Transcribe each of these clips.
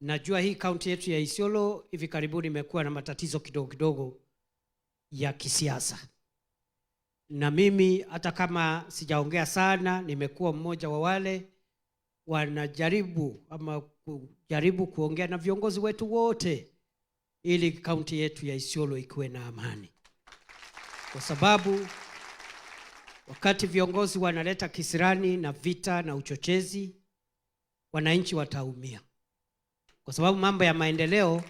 Najua hii kaunti yetu ya Isiolo hivi karibuni imekuwa na matatizo kidogo kidogo ya kisiasa, na mimi hata kama sijaongea sana, nimekuwa mmoja wa wale wanajaribu ama kujaribu kuongea na viongozi wetu wote ili kaunti yetu ya Isiolo ikuwe na amani, kwa sababu wakati viongozi wanaleta kisirani na vita na uchochezi, wananchi wataumia kwa sababu mambo ya maendeleo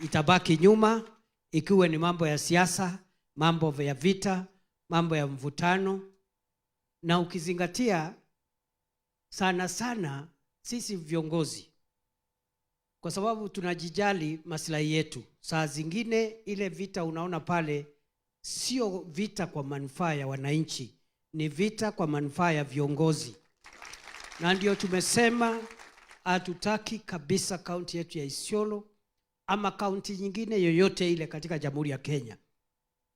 itabaki nyuma, ikiwa ni mambo ya siasa, mambo ya vita, mambo ya mvutano, na ukizingatia sana sana sisi viongozi, kwa sababu tunajijali maslahi yetu. Saa zingine ile vita unaona pale sio vita kwa manufaa ya wananchi, ni vita kwa manufaa ya viongozi, na ndio tumesema Hatutaki kabisa kaunti yetu ya Isiolo ama kaunti nyingine yoyote ile katika Jamhuri ya Kenya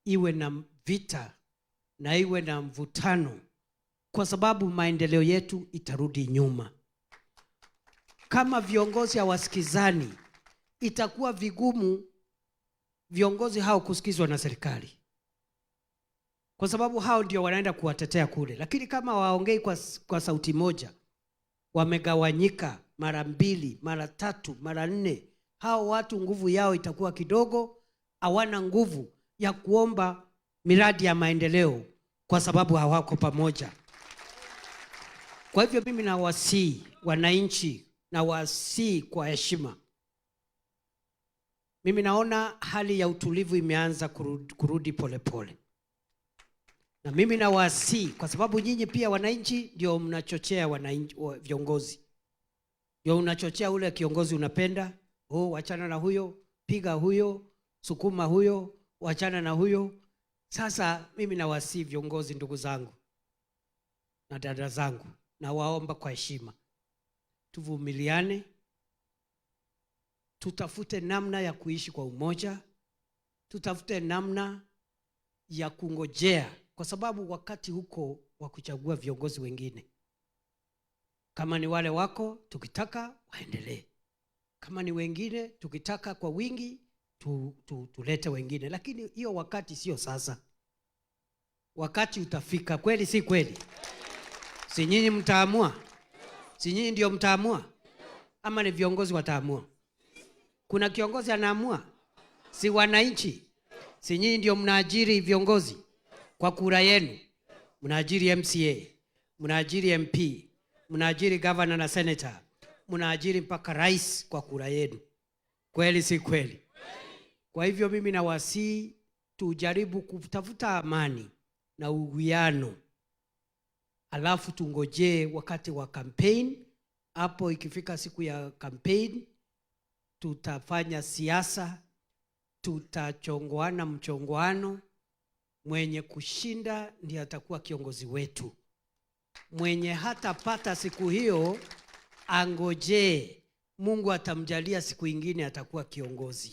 iwe na vita na iwe na mvutano, kwa sababu maendeleo yetu itarudi nyuma. Kama viongozi hawasikizani, itakuwa vigumu viongozi hao kusikizwa na serikali, kwa sababu hao ndio wanaenda kuwatetea kule. Lakini kama waongei kwa, kwa sauti moja, wamegawanyika mara mbili, mara tatu, mara nne, hao watu nguvu yao itakuwa kidogo, hawana nguvu ya kuomba miradi ya maendeleo kwa sababu hawako pamoja. Kwa hivyo mimi nawasihi wananchi, nawasihi kwa heshima. Mimi naona hali ya utulivu imeanza kurudi polepole pole. Na mimi nawasii kwa sababu nyinyi pia wananchi ndio mnachochea wananchi viongozi Yo, unachochea ule kiongozi unapenda, oh, wachana na huyo, piga huyo, sukuma huyo, wachana na huyo. Sasa mimi nawasii viongozi, ndugu zangu na dada zangu, nawaomba kwa heshima, tuvumiliane, tutafute namna ya kuishi kwa umoja, tutafute namna ya kungojea, kwa sababu wakati huko wa kuchagua viongozi wengine kama ni wale wako, tukitaka waendelee. Kama ni wengine, tukitaka kwa wingi tu, tu, tulete wengine, lakini hiyo wakati sio sasa. Wakati utafika kweli, si kweli? Si nyinyi mtaamua? Si nyinyi ndio mtaamua, ama ni viongozi wataamua? Kuna kiongozi anaamua? Si wananchi? Si nyinyi ndio mnaajiri viongozi kwa kura yenu? Mnaajiri MCA, mnaajiri MP mnaajiri gavana na senata mnaajiri mpaka rais kwa kura yenu. Kweli si kweli? Kwa hivyo mimi nawasii tujaribu kutafuta amani na uwiano, alafu tungojee wakati wa kampein Hapo ikifika siku ya kampein tutafanya siasa, tutachongoana mchongoano. Mwenye kushinda ndiye atakuwa kiongozi wetu mwenye hatapata siku hiyo angojee, Mungu atamjalia siku ingine, atakuwa kiongozi.